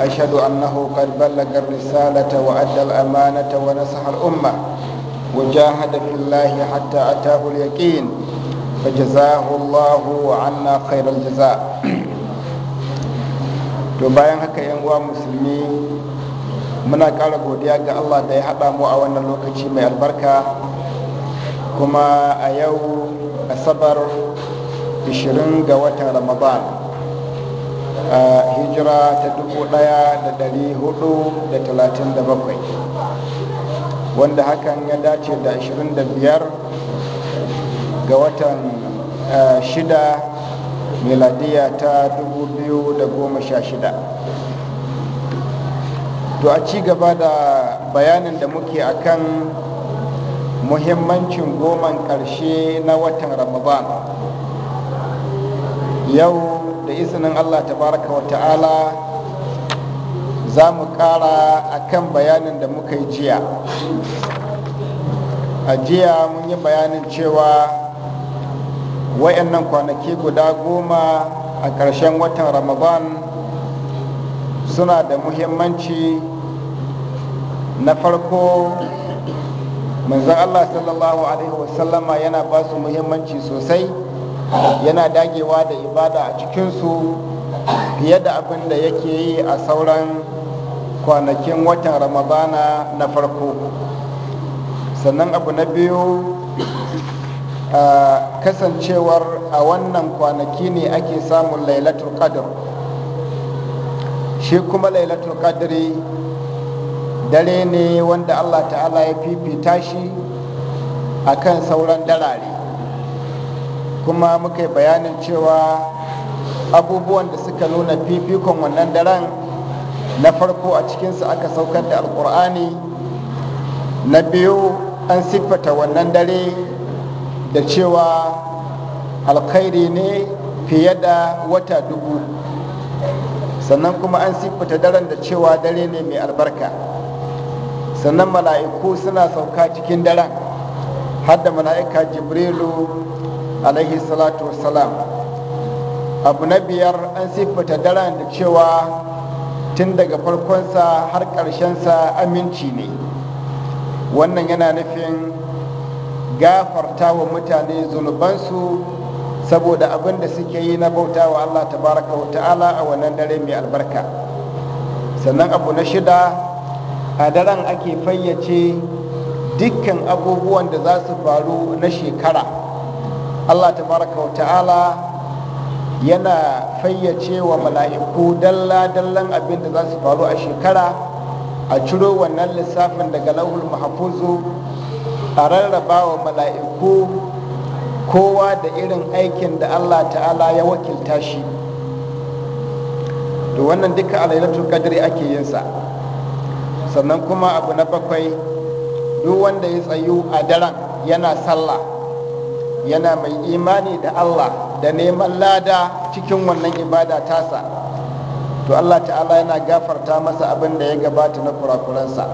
أشهد أنه قد بلغ الرسالة وأدى الأمانة ونصح الأمة وجاهد في الله حتى أتاه اليقين فجزاه الله عنا خير الجزاء to bayan haka yan uwa musulmi muna ƙara godiya ga allah da ya haɗa mu a wannan lokaci mai albarka kuma a yau asabar 20 ga watan ramadan a hijira ta 1437 wanda hakan ya dace da 25 ga watan 6 miladiya ta 2016 to a ci gaba da bayanin da muke akan muhimmancin goman ƙarshe na watan ramadan yau izinin allah tabaraka wa ta'ala za mu kara kan bayanin da muka yi jiya a jiya mun yi bayanin cewa wayannan kwanaki guda goma a ƙarshen watan ramadan suna da muhimmanci na farko manzan allah sallallahu alaihi wasallama yana ba su muhimmanci sosai yana dagewa da ibada a cikinsu fiye da abin da yake yi a sauran kwanakin watan ramadana na farko sannan abu na biyu kasancewar a wannan kwanaki ne ake samun lailatul qadr shi kuma lailatul qadri dare ne wanda allah ta'ala ya fifita shi a kan sauran darare kuma muka yi bayanin cewa abubuwan da suka nuna fifikon wannan daren na farko a cikinsu aka saukar da alkur'ani na biyu an siffata wannan dare da cewa alkhairi ne fiye da wata dubu sannan kuma an siffata daren da cewa dare ne mai albarka sannan mala'iku suna sauka cikin daren har da mala'ika jibrilu alaihi salatu wassalam abu na biyar an siffata daren da cewa tun daga farkonsa har ƙarshensa aminci ne wannan yana nufin gafarta wa mutane zunubansu saboda abin da suke yi na bauta wa allah tabaraka wa ta'ala a wannan dare mai albarka sannan abu na shida a daren ake fayyace dukkan abubuwan da za su faru na shekara Allah tabaraka wa ta'ala yana fayyace wa mala'iku dalla-dallan abin da za su faru a shekara a ciro wannan lissafin daga lahul mahfuzu a rarraba wa mala'iku kowa da irin aikin da Allah ta'ala ya wakilta shi to wannan duka a lailatul qadri ake yin sa sannan kuma abu na bakwai duk wanda ya tsayu a daren yana sallah yana mai imani da Allah da neman lada cikin wannan ibada tasa to Allah ta'ala yana gafarta masa abin da ya gabata na kurakuransa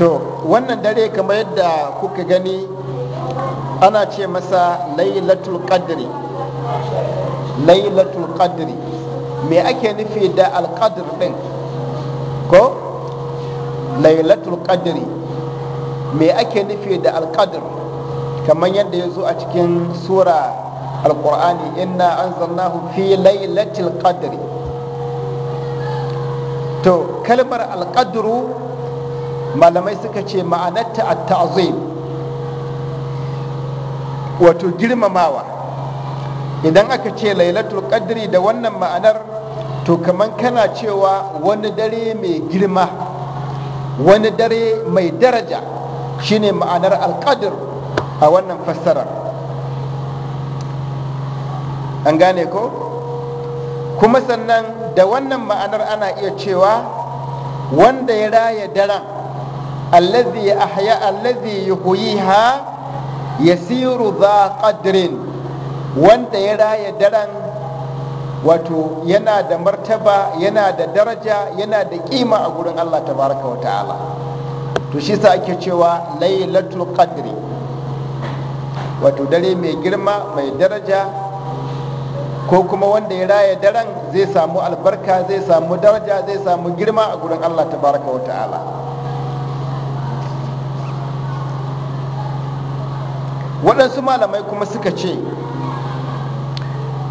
to wannan dare kamar yadda kuka gani ana ce masa lailatul qadri lailatul qadri me ake nufi da alqadr din ko lailatul qadri me ake nufi da alqadr kamar yadda ya zo a cikin sura alqur'ani inna anzalnahu fi lailatul qadr to kalmar alqadru malamai suka ce ma'anarta at-ta'zim wato girmamawa idan aka ce lailatul qadri da wannan ma'anar to kamar kana cewa wani dare mai girma wani dare mai daraja shine ma'anar alƙadir a wannan fassara an gane ko kuma sannan da wannan ma'anar ana iya cewa wanda ya raya daren allazi ahya allazi yuhyiha yasiru za qadrin wanda ya raya daren wato yana da martaba yana da daraja yana da kima a gurin Allah tabaraka wa ta'ala to shi sa ake cewa lailatul qadri wato dare mai girma mai daraja ko kuma wanda ya raya daren zai samu albarka zai samu daraja zai samu girma a gurin allah tabaraka wa ta'ala waɗansu malamai kuma suka ce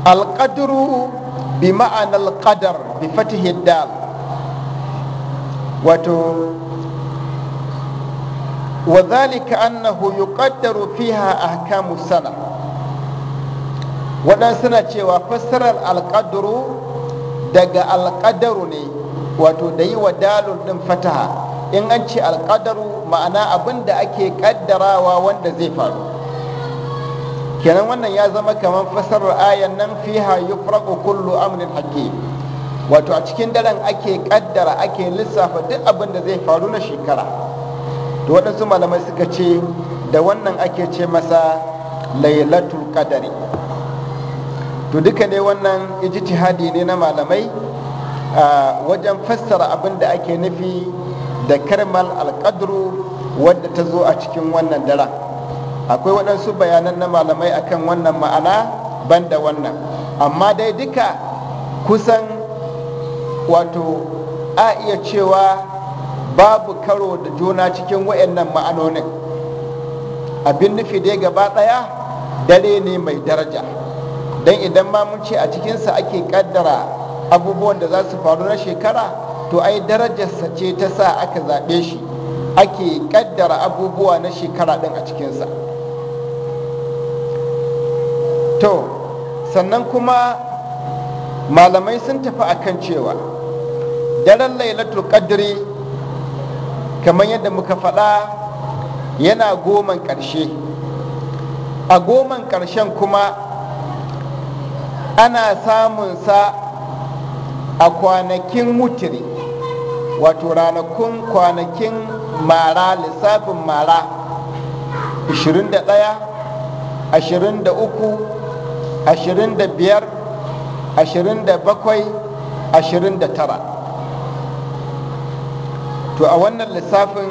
alƙaduru bi ma'anar ƙadar bi fatihi dal wato وذلك أنه يقدر فيها أحكام السنة ودن سنة وفسر القدر دق القدر ني وتدي ودال فتها إن أنت القدر معنى أبن دا أكي قدرا ووند زفر kenan wannan ya zama kamar fasarar ayan nan fiha yufraqu kullu amrin hakim wato a cikin daren ake ƙaddara ake lissafa duk abin da zai faru na shekara to waɗansu malamai suka ce da wannan ake ce masa lailatul qadari to duka ne wannan ijtihadi ne na malamai wajen fassara abin da ake nufi da karmal alƙadru wadda ta zo a cikin wannan dara akwai waɗansu bayanan na malamai akan wannan ma'ana ban da wannan amma dai duka kusan wato a iya cewa babu karo da juna cikin wayannan ma'anonin abin nufi dai gaba ɗaya dare ne mai daraja don idan ma mun ce a cikinsa ake kaddara abubuwan da za su faru na shekara to ai darajarsa ce ta sa aka zaɓe shi ake kaddara abubuwa na shekara ɗin a cikinsa to sannan kuma malamai sun tafi akan cewa daren lailatul qadri kamar yadda muka faɗa yana goman ƙarshe a goman ƙarshen kuma ana samunsa a kwanakin mutiri wato ranakun kwanakin mara lissafin mara 21 23 25 29 to a wannan lissafin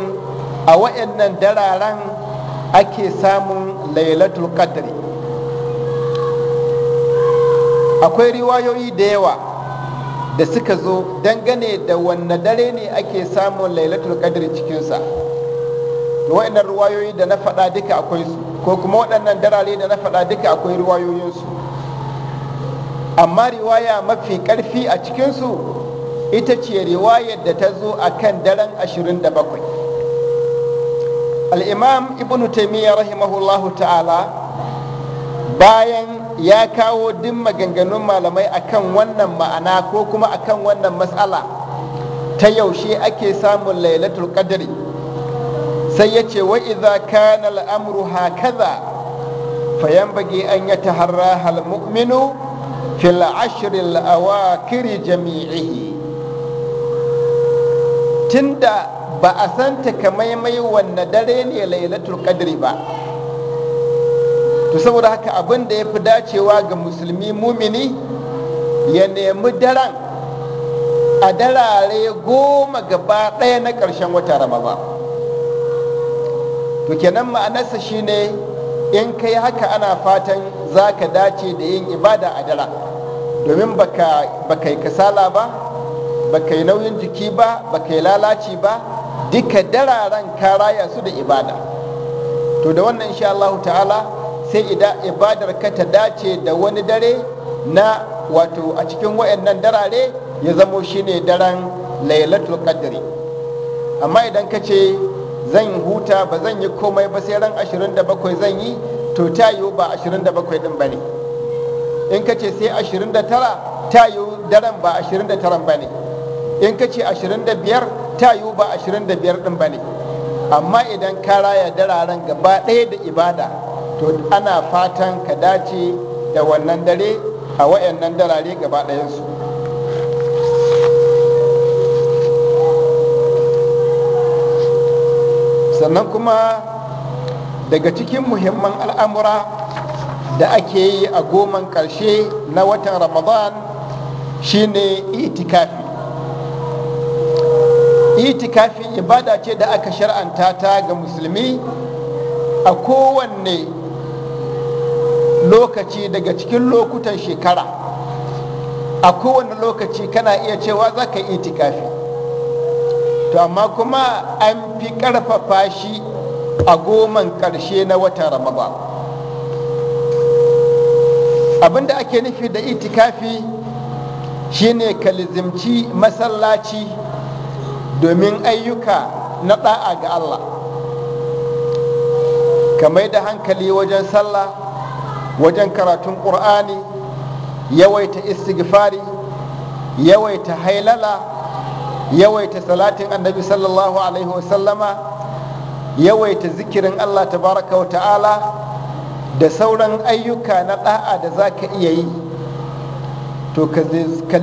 a wa'annan dararen ake samun lailatul qadri akwai riwayoyi da yawa da suka zo dangane da wanne dare ne ake samun lailatul qadri cikinsa wa'annan riwayoyi da na faɗa duka akwai su ko kuma waɗannan darare da na faɗa duka akwai riwayoyinsu amma riwaya mafi ƙarfi a cikinsu ita ce riwayar da ta zo a kan daren 27 al'imam ibn taimiyya rahimahullahu ta'ala bayan ya kawo din maganganun malamai akan wannan ma'ana ko kuma akan wannan matsala ta yaushe ake samun lailatul qadri sai ya ce wa iza kana al'amru hakaza fayambage an yataharraha al-mu'minu fil ashirin al-awakhir jami'i tunda ba a san takamaimai wanne dare ne lailatul qadri ba to saboda haka abin da ya fi dacewa ga musulmi mumini ya nemi daren a darare goma gaba ɗaya na ƙarshen wata rama ba, to kenan ma'anarsa shine in kai haka ana fatan za ka dace da yin ibada a dara domin baka yi kasala ba ba kai nauyin jiki ba ba kai lalaci ba duka dararen ka raya su da ibada to da wannan insha Allah ta'ala sai ibadar ka ta dace da wani dare na wato a cikin wayannan darare ya zamo shine daren lailatul qadri amma idan ka ce zan huta ba zan yi komai ba sai ran 27 zan yi to ta yiwu ba 27 din ba in ka ce sai 29 ta yiwu daren ba 29 ba ne in ka ce 25 ta yiwu ba 25 din ba ne amma idan ka raya dararen gaba ɗaya da ibada to ana fatan ka dace da wannan dare a wayannan darare gaba ɗayansu sannan kuma daga cikin muhimman al'amura da ake yi a goman ƙarshe na watan ramadan shine itikafi itikafi ibada ce da aka shar'anta ta ga musulmi a kowanne lokaci daga cikin lokutan shekara a kowane lokaci kana iya cewa za ka itikafi to amma kuma an fi ƙarfafa shi a goman ƙarshe na watan ramadan abinda ake nufi da itikafi shine kalizimci, masallaci domin ayyuka na ɗa'a ga Allah ka mai da hankali wajen sallah wajen karatun ƙur'ani yawaita istighfari yawaita hailala yawaita salatin annabi sallallahu alaihi wasallama yawaita zikirin Allah tabaraka wa ta'ala da sauran ayyuka na ɗa'a da za ka iya yi to ka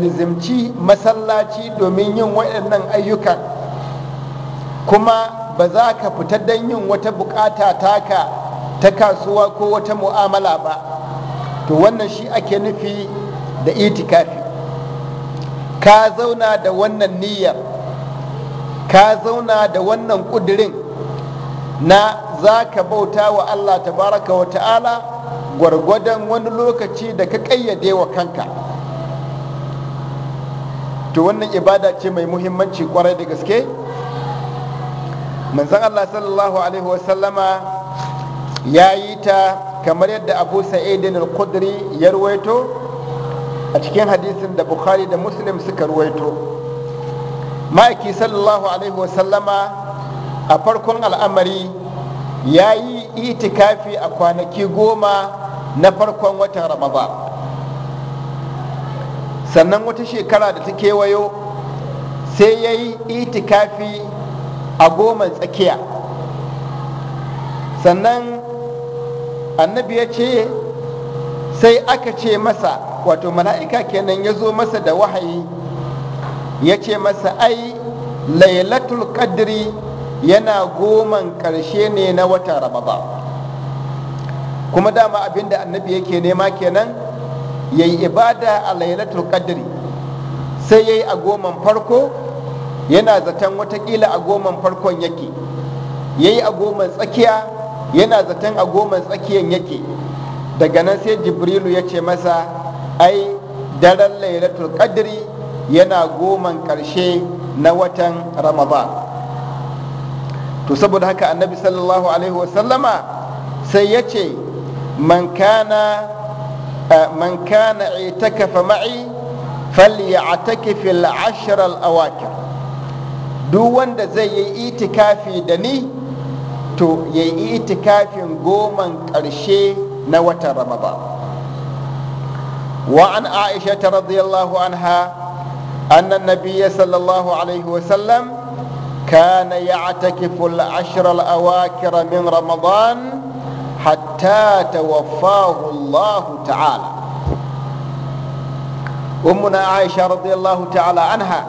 masallaci domin yin waɗannan ayyukan kuma ba za ka fita don yin wata bukata taka ta kasuwa ko wata mu'amala ba to wannan shi ake nufi da itikafi ka zauna da wannan niyyar ka zauna da wannan ƙudurin, na za ka bauta wa allah tabaraka wa ta'ala gwargwadon wani lokaci da ka ƙayyade wa kanka to wannan ibada ce mai muhimmanci kwarai da gaske Manzan Allah sallallahu alaihi wasallama ya yi ta kamar yadda abu sa'idin al-kudri ya ruwaito a cikin hadisin da bukhari da muslim suka ruwaito ma'aiki sallallahu alaihi wasallama a farkon al'amari ya yi itikafi a kwanaki goma na farkon watan ramadan sannan wata shekara da ta kewayo sai ya yi itikafi a goma tsakiya sannan annabi ya ce sai aka ce masa wato mala'ika kenan ya zo masa da wahayi ya ce masa ai lailatul qadri yana goman ƙarshe ne na watan ramadan kuma dama abinda annabi yake nema kenan ya yi ibada a lailatul qadri sai ya yi a goman farko yana zaton watakila a goman farkon yake ya yi a goman tsakiya yana zaton a goman tsakiyan yake daga nan sai jibrilu ya ce masa ai daren lailatul qadri yana goman karshe na watan ramadan to saboda haka annabi sallallahu alaihi wasallama sai ya ce man kana man kana itakafa ma'i falyataki fil ashr al awakir duk wanda zai yi itikafi da ni to yayi itikafin goman ƙarshe na wata ramadan wa aisha radiyallahu anha أن النبي صلى الله عليه وسلم كان يعتكف العشر الأواكر من رمضان hatta tawaffahu Allah ta'ala ummuna Aisha radiyallahu ta'ala anha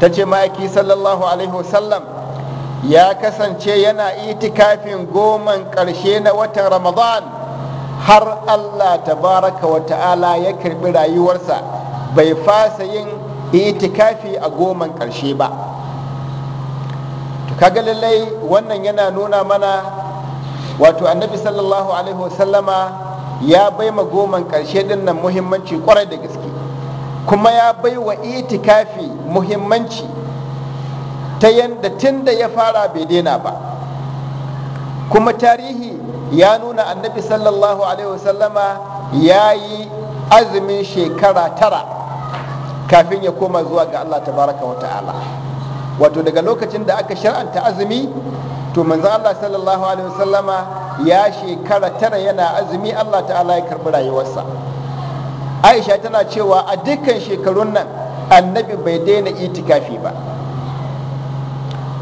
tace ma'aiki sallallahu alaihi wasallam ya kasance yana itikafin goman ƙarshe na watan Ramadan har Allah tabaraka wa ta'ala ya karbi rayuwarsa bai fasa yin itikafi a goman ƙarshe ba to kaga lallai wannan yana nuna mana wato annabi sallallahu alaihi wasallama ya bai ma goman karshe din nan muhimmanci kwarai da gaske kuma ya bai wa itikafi muhimmanci ta yadda tun da ya fara bai daina ba kuma tarihi ya nuna annabi sallallahu alaihi wasallama ya yi azumin shekara tara kafin ya koma zuwa ga allah tabaraka wa ta'ala wato daga lokacin da aka shar'anta azumi to manzo Allah sallallahu alaihi wasallama ya shekara tara yana azumi Allah ta'ala ya karbi rayuwarsa Aisha tana cewa a dukkan shekarun nan annabi bai daina itikafi ba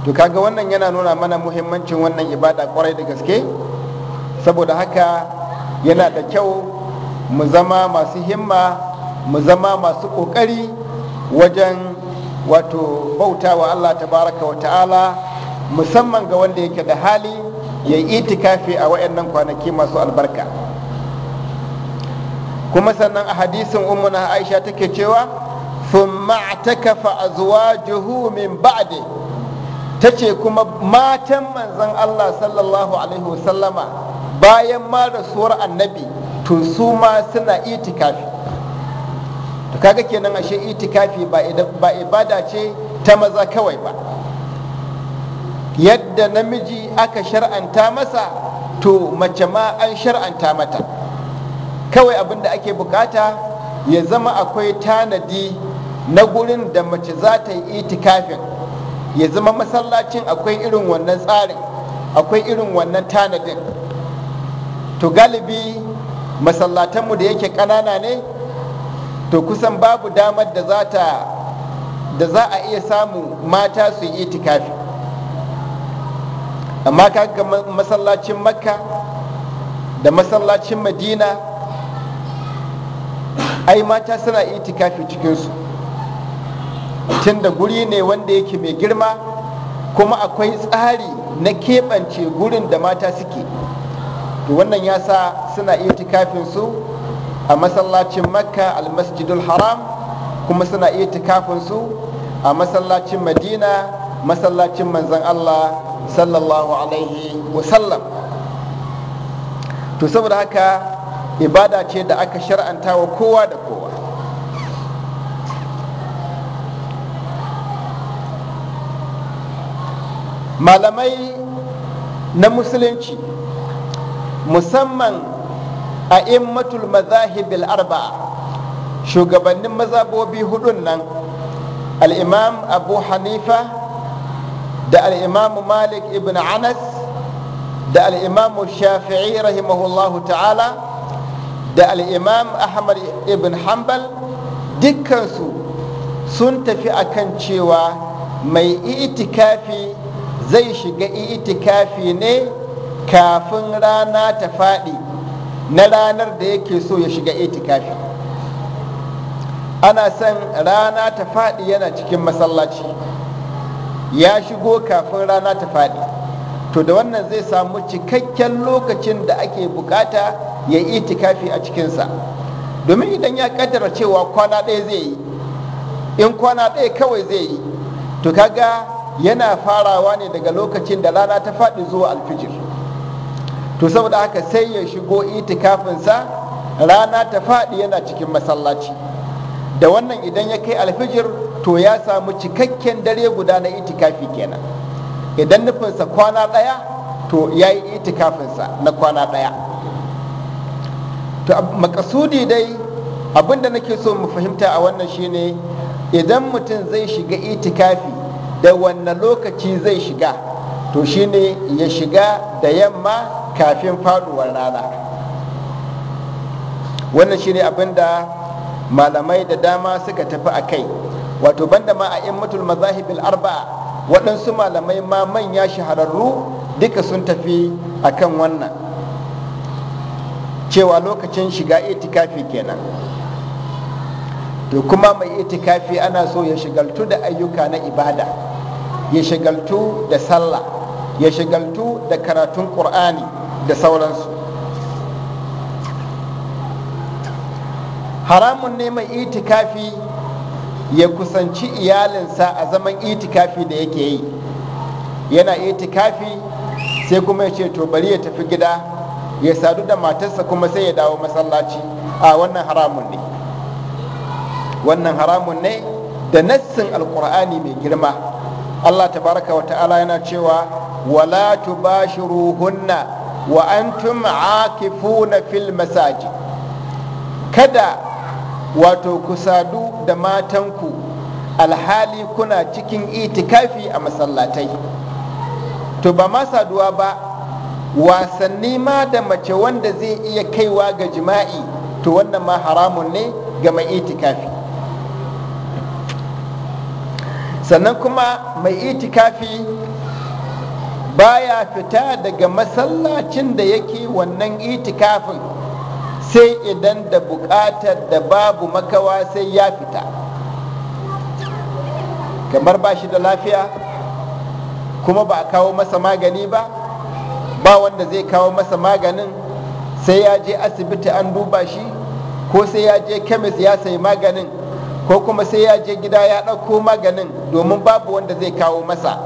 to kaga wannan yana nuna mana muhimmancin wannan ibada kwarai da gaske saboda haka yana da kyau mu zama masu himma mu zama masu kokari wajen wato bautawa Allah tabaraka wa ta'ala musamman ga wanda yake da hali ya yi itikafi a wayannan kwanaki masu albarka kuma sannan a hadisin ummuna aisha take cewa thumma atakafa azwajuhu min ba'di tace kuma matan manzon Allah sallallahu alaihi wasallama bayan ma rasuwar annabi to su ma suna itikafi to kaga kenan ashe itikafi ba ibada ce ta maza kawai ba yadda namiji aka shar'anta masa to mace ma an shar'anta mata kawai abin da ake bukata ya zama akwai tanadi na gurin da mace za ta yi itikafin ya zama masallacin akwai irin wannan tsarin akwai irin wannan tanadin to galibi masallatanmu da yake ƙanana ne to kusan babu damar da za a iya samu mata su yi itikafi amma kaga masallacin makka da masallacin madina ai mata suna itikafi cikinsu tunda guri ne wanda yake mai girma kuma akwai tsari na keɓance gurin da mata suke to wannan ya sa suna itikafin su a masallacin makka almasjidul haram kuma suna itikafin su a masallacin madina masallacin manzan Allah sallallahu alaihi wasallam to saboda haka ibada ce da aka shar'anta wa kowa da kowa malamai na musulunci musamman a immatul mazahibil arba'a shugabannin mazabobi hudun nan al imam abu hanifa da al'imamu malik ibn anas da al'imamu shafi'i rahimahullahu ta'ala da al'imam ahmad ibn hanbal dukkansu sun tafi akan cewa mai itikafi zai shiga itikafi ne kafin rana ta faɗi na ranar da yake so ya shiga itikafi ana san rana ta faɗi yana cikin masallaci ya shigo kafin rana ta faɗi to da wannan zai samu cikakken lokacin da ake bukata ya yi itikafi a cikinsa domin idan ya kaddara cewa kwana ɗaya zai yi in kwana ɗaya kawai zai yi to kaga yana farawa ne daga lokacin da rana ta faɗi zuwa alfijir to saboda haka sai ya shigo itikafinsa rana ta faɗi yana cikin masallaci da wannan idan ya kai alfijir to ya samu cikakken dare guda na itikafi kenan idan nufinsa kwana ɗaya to ya yi itikafinsa na kwana ɗaya to makasudi dai abinda nake so mu fahimta a wannan shine idan mutum zai shiga itikafi da wannan lokaci zai shiga to shine ya shiga da yamma kafin faduwar rana wannan shine abinda malamai da dama suka tafi a kai wato banda ma a immatul mazahibin arba'a waɗansu malamai ma manya shahararru duka sun tafi akan wannan cewa lokacin shiga itikafi kenan to kuma mai itikafi ana so ya shigaltu da ayyuka na ibada ya shigaltu da sallah ya shigaltu da karatun ƙur'ani da sauransu haramun ne mai itikafi ya kusanci iyalinsa a zaman itikafi da yake yi yana itikafi sai kuma ya ce to bari ya tafi gida ya sadu da matarsa kuma sai ya dawo masallaci a wannan haramun ne wannan haramun ne da nassin alkur'ani mai girma allah Ta baraka wa ta'ala yana cewa wala tubashiruhunna wa antum akifuna fil masajid kada wato ku sadu da matanku alhali kuna cikin itikafi a masallatai to ba ma saduwa ba wasanni ma da mace wanda zai iya kaiwa ga jima'i to wannan ma haramun ne ga mai itikafi sannan kuma mai itikafi baya fita daga masallacin da yake wannan itikafin sai idan da bukatar da babu makawa sai ya fita kamar ba shi da lafiya kuma ba a kawo masa magani ba ba wanda zai kawo masa maganin sai ya je asibiti an duba shi ko sai ya je kemis ya sayi maganin ko kuma sai ya je gida ya ɗauko maganin domin babu wanda zai kawo masa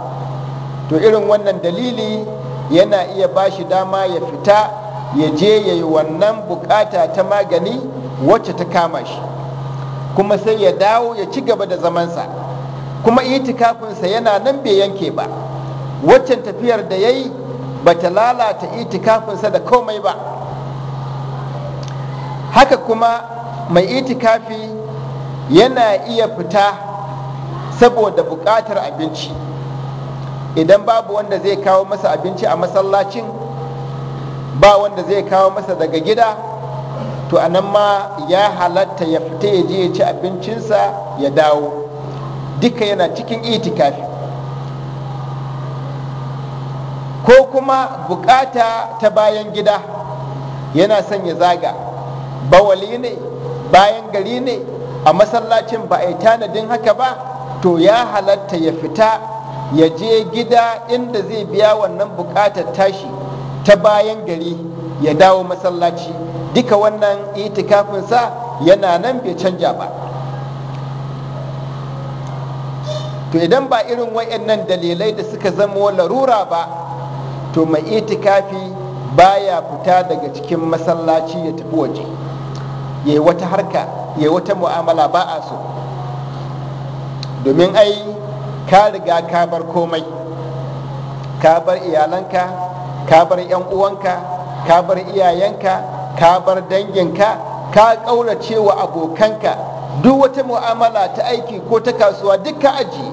to irin wannan dalili yana iya ba shi dama ya fita ya je ya yi wannan bukata ta magani wacce ta kama shi kuma sai ya dawo ya ci gaba da zamansa kuma itikafinsa yana nan bai yanke ba waccan tafiyar da ya yi ba ta lalata itikafinsa da komai ba haka kuma mai itikafi yana iya fita saboda buƙatar abinci idan babu wanda zai kawo masa abinci a masallacin ba wanda zai kawo masa daga gida to a nan ma ya halatta ya fita ya je ya ci abincinsa ya dawo duka yana cikin itikafi ko kuma bukata ta bayan gida yana son ya zaga bawali ne bayan gari ne a masallacin ba a yi tanadin haka ba to ya halatta ya fita ya je gida inda zai biya wannan bukatar tashi ta bayan gari ya dawo masallaci duka wannan itikafinsa yana nan bai canja ba to idan ba irin wayannan dalilai da suka zama larura ba to mai itikafi baya fita daga cikin masallaci ya tafi waje ya yi wata harka ya yi wata mu'amala ba a so domin ai ka riga ka bar komai ka bar iyalanka ka bar yan uwanka ka bar iyayenka ka bar danginka ka ƙaurace wa abokanka duk wata mu'amala ta aiki ko ta kasuwa duk ka aji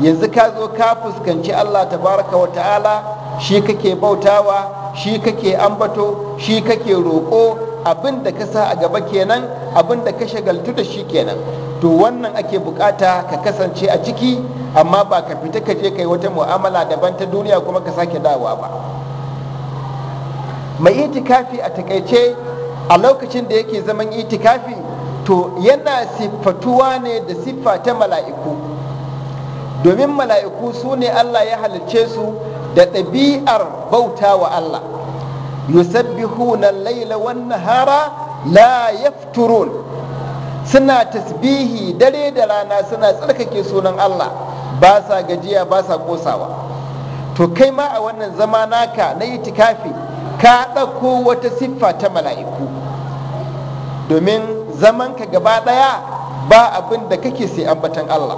yanzu ka zo ka fuskanci Allah tabaraka wa ta'ala shi kake bautawa shi kake ambato shi kake roƙo abin da ka sa a gaba kenan abin da ka shagaltu da shi kenan to wannan ake bukata ka kasance a ciki amma ba ka fita ka je kai wata mu'amala daban ta duniya kuma ka sake dawa ba mai itikafi a takaice a lokacin da yake zaman itikafi to yana siffatuwa ne da siffa ta mala'iku domin mala'iku su ne Allah ya halicce su da ɗabi'ar bauta wa Allah yusabbihuna laila wannan hara? la yafturun suna tasbihi dare da rana suna tsarkake sunan Allah ba sa gajiya ba sa kosawa to kai ma a wannan zama naka na itikafi ka ɗauko wata siffa ta mala'iku domin zamanka gaba ɗaya ba abin da kake sai ambatan Allah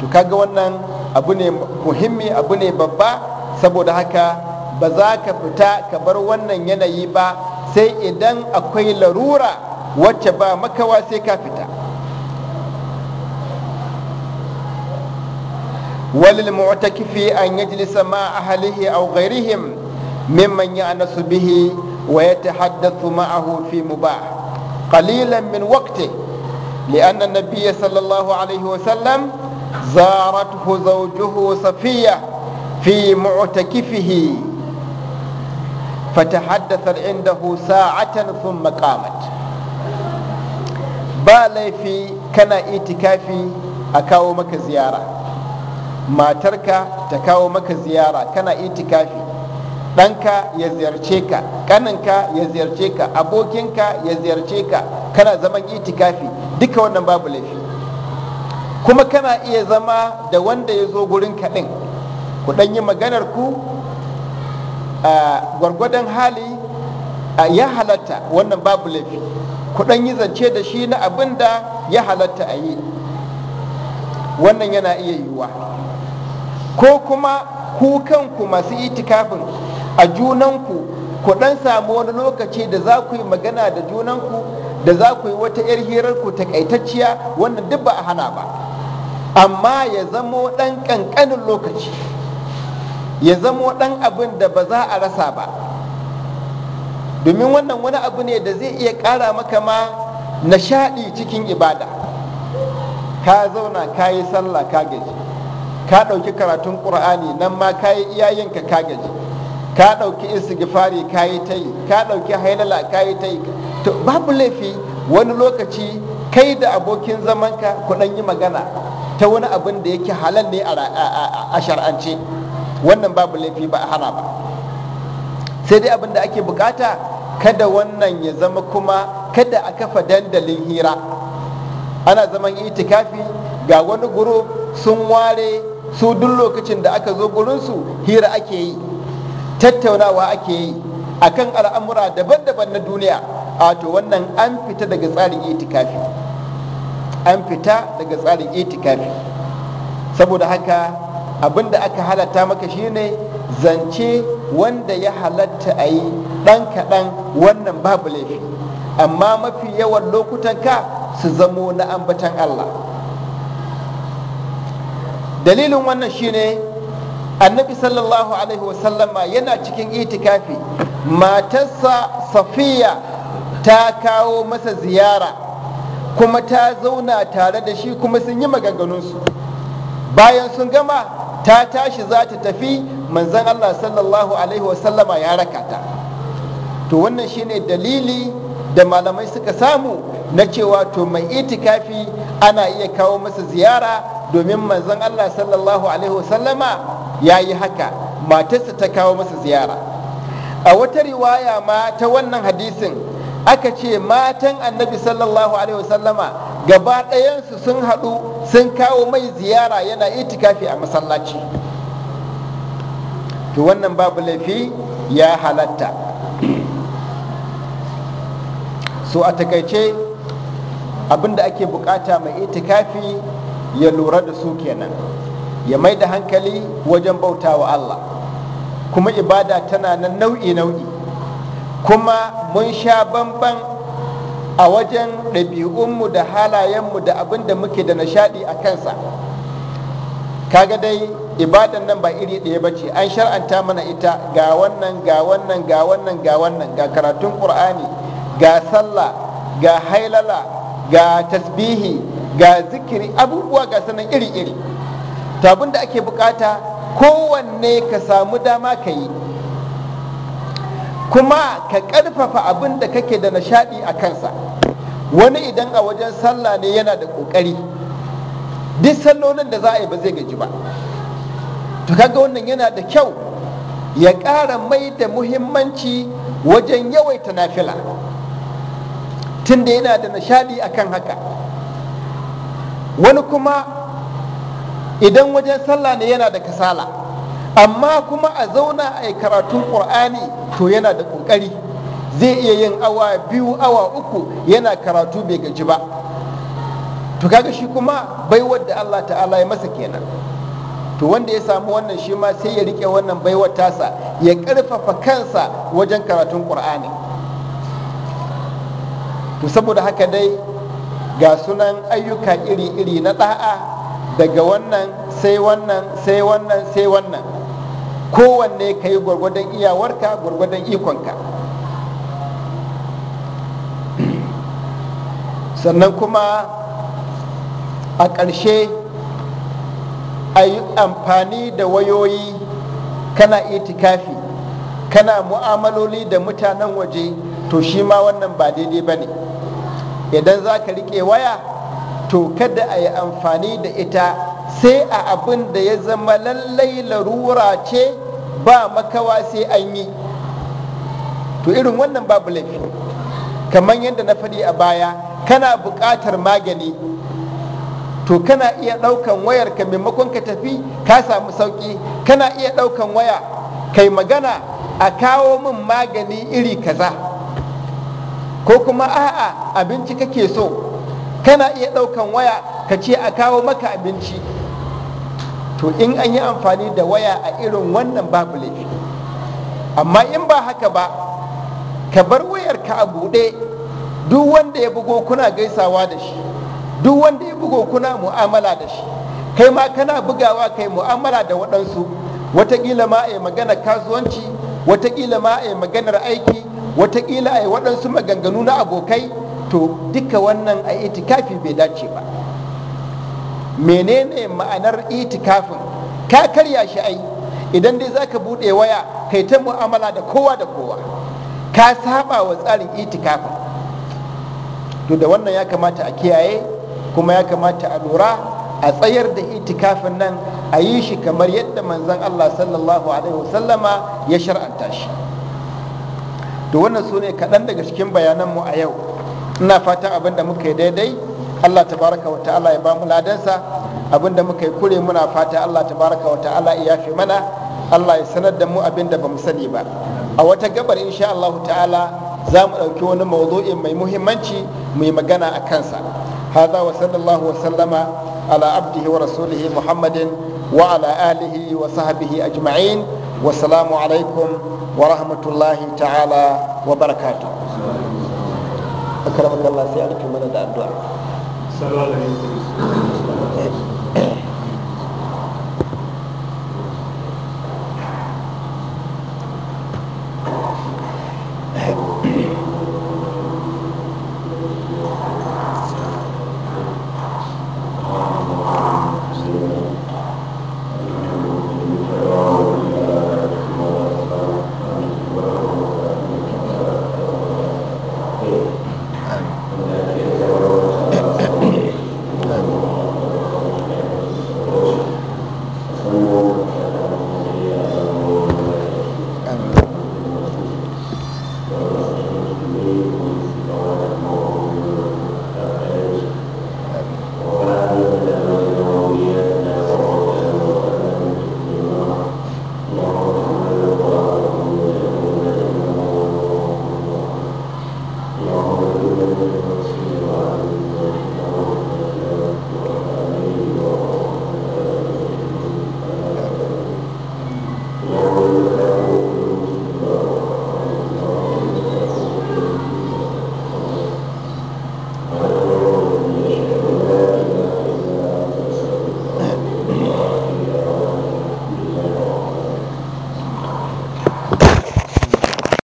to kaga wannan abu ne muhimmi abu ne babba saboda haka ba za ka fita ka bar wannan yanayi ba sai idan akwai larura wacce ba makawa sai ka fita walil mu'takifi an yajlisa ma ahlihi aw ghairihim ممن يأنس به ويتحدث معه في مباح قليلا من وقته لأن النبي صلى الله عليه وسلم زارته زوجه صفية في معتكفه فتحدثت عنده ساعة ثم قامت بالي في كان اعتكافي أكاو مك زيارة ما ترك تكاو مك زيارة كان اعتكافي ɗanka ya ziyarce ka ƙaninka ya ziyarce ka abokinka ya ziyarce ka kana zaman itikafi duka wannan babu laifi kuma kana iya zama da wanda ya zo gurin ka ɗin ku ɗan yi maganar ku a gwargwadon hali ya halatta wannan babu laifi ku yi zance da shi na abinda ya halatta a yi wannan yana iya yiwuwa ko kuma ku kanku masu itikafin a junanku ku ɗan samu wani lokaci da za ku yi magana da junanku da za ku yi wata 'yar hirarku takaitacciya wannan duk ba a hana ba amma ya zamo ɗan kankanin lokaci ya zamo ɗan abin da ba za a rasa ba domin wannan wani abu ne da zai iya ƙara maka ma nishaɗi cikin ibada ka zauna ka yi sallah ka gaji ka ɗauki karatun ƙur'ani nan ma ka yi iyayenka ka gaji ka ɗauki istighfari ka yi ta yi ka ɗauki hailala ka yi ta yi to babu laifi wani lokaci kai da abokin zamanka ku ɗan yi magana ta wani abin da yake halal ne a shar'ance wannan babu laifi ba a hana ba sai dai abin da ake bukata kada wannan ya zama kuma kada a kafa dandalin hira ana zaman itikafi ga wani guru sun ware su duk lokacin da aka zo gurinsu hira ake yi tattaunawa ake yi a kan al'amura daban-daban na duniya a to wannan an fita daga tsarin itikafi an fita daga tsarin itikafi saboda haka abin da aka halatta maka shine zance wanda ya halatta a yi ɗan kaɗan wannan babu laifi amma mafi yawan lokutan ka su zamo na ambatan Allah dalilin wannan shine annabi sallallahu alaihi wasallama yana cikin itikafi matarsa safiya ta kawo masa ziyara kuma ta zauna tare da shi kuma sun yi maganganunsu bayan sun gama ta tashi za ta tafi manzan allah sallallahu alaihi wasallama ya raka ta to wannan shine dalili da malamai suka samu na cewa to mai itikafi ana iya kawo masa ziyara domin manzan allah sallallahu alaihi wasallama ya yi haka matarsa ta kawo masa ziyara a wata riwaya ma ta wannan hadisin aka ce matan annabi sallallahu alaihi wasallama gaba ɗayansu sun haɗu sun kawo mai ziyara yana itikafi a masallaci to wannan babu laifi ya halatta so a takaice abinda ake bukata mai itikafi ya lura da su kenan ya mai da hankali wajen bauta wa Allah kuma ibada tana nan nau'i-nau'i kuma mun sha bamban a wajen ɗabi'unmu da halayenmu da abin da muke da nishaɗi a kansa kaga dai ibadan nan ba iri ɗaya ba ce an shar'anta mana ita ga wannan ga wannan ga wannan ga wannan ga karatun ƙur'ani ga sallah ga hailala ga tasbihi ga zikiri abubuwa ga sanan iri-iri to abin da ake bukata kowanne ka samu dama ka yi kuma ka ƙarfafa abin da kake da nishaɗi a kansa wani idan a wajen sallah ne yana da ƙoƙari duk sallolin da za a yi ba zai gaji ba to kaga wannan yana da kyau ya ƙara mai da muhimmanci wajen yawaita nafila tunda yana da nishaɗi a kan haka wani kuma idan wajen sallah ne yana da kasala amma kuma a zauna a yi karatun ƙur'ani to yana da ƙoƙari zai iya yin awa biyu awa uku yana karatu bai gaji ba to kaga shi kuma baiwar da Allah ta'ala ya masa kenan to wanda ya samu wannan shi ma sai ya rike wannan baiwar tasa ya ƙarfafa kansa wajen karatun ƙur'ani to saboda haka dai ga sunan ayyuka iri-iri na ɗa'a daga wannan sai wannan sai wannan sai wannan kowanne ka yi gwargwadon iyawarka gwargwadon ikonka sannan kuma a ƙarshe a yi amfani da wayoyi kana itikafi kana mu'amaloli da mutanen waje to shi ma wannan ba daidai ba ne idan za ka riƙe waya to kada a yi amfani da ita sai a abin da ya zama lallai larura ce ba makawa sai an yi to irin wannan babu laifi kamar yadda na faɗi a baya kana buƙatar magani to kana iya ɗaukan wayar ka maimakon ka tafi ka samu sauƙi kana iya ɗaukan waya kai magana a kawo min magani iri kaza ko kuma a'a abinci kake so kana iya ɗaukan waya ka ce a kawo maka abinci to in an yi amfani da waya a irin wannan babu laifi amma in ba haka ba ka bar wayarka a buɗe duk wanda ya bugo kuna gaisawa da shi duk wanda ya bugo kuna mu'amala da shi kai ma kana bugawa kai mu'amala da waɗansu Wataƙila ma a yi magana kasuwanci Wataƙila ma a yi maganar aiki Wataƙila a yi waɗansu maganganu na abokai to duka wannan a itikafi bai dace ba menene ma'anar itikafin ka karya shi ai idan dai zaka bude waya kai ta mu'amala da kowa da kowa ka saba wa tsarin itikafin to da wannan ya kamata a kiyaye kuma ya kamata a lura a tsayar da itikafin nan a yi shi kamar yadda manzon Allah sallallahu alaihi wasallama ya shar'anta shi to wannan sune kaɗan daga cikin bayananmu a yau ina fatan abin da muka yi daidai Allah tabaraka wa ta'ala ya bamu ladansa abin da muka yi kure muna fata Allah tabaraka wa ta'ala ya yafe mana Allah ya sanar da mu abin da bamu sani ba a wata gabar insha Allah ta'ala za mu ɗauki wani mawdu'i mai muhimmanci mu yi magana a kansa هذا وصلى الله وسلم على عبده ورسوله محمد وعلى آله وصحبه أجمعين والسلام عليكم ورحمة الله تعالى وبركاته akramaka Allah sai a rufe mana da addu'a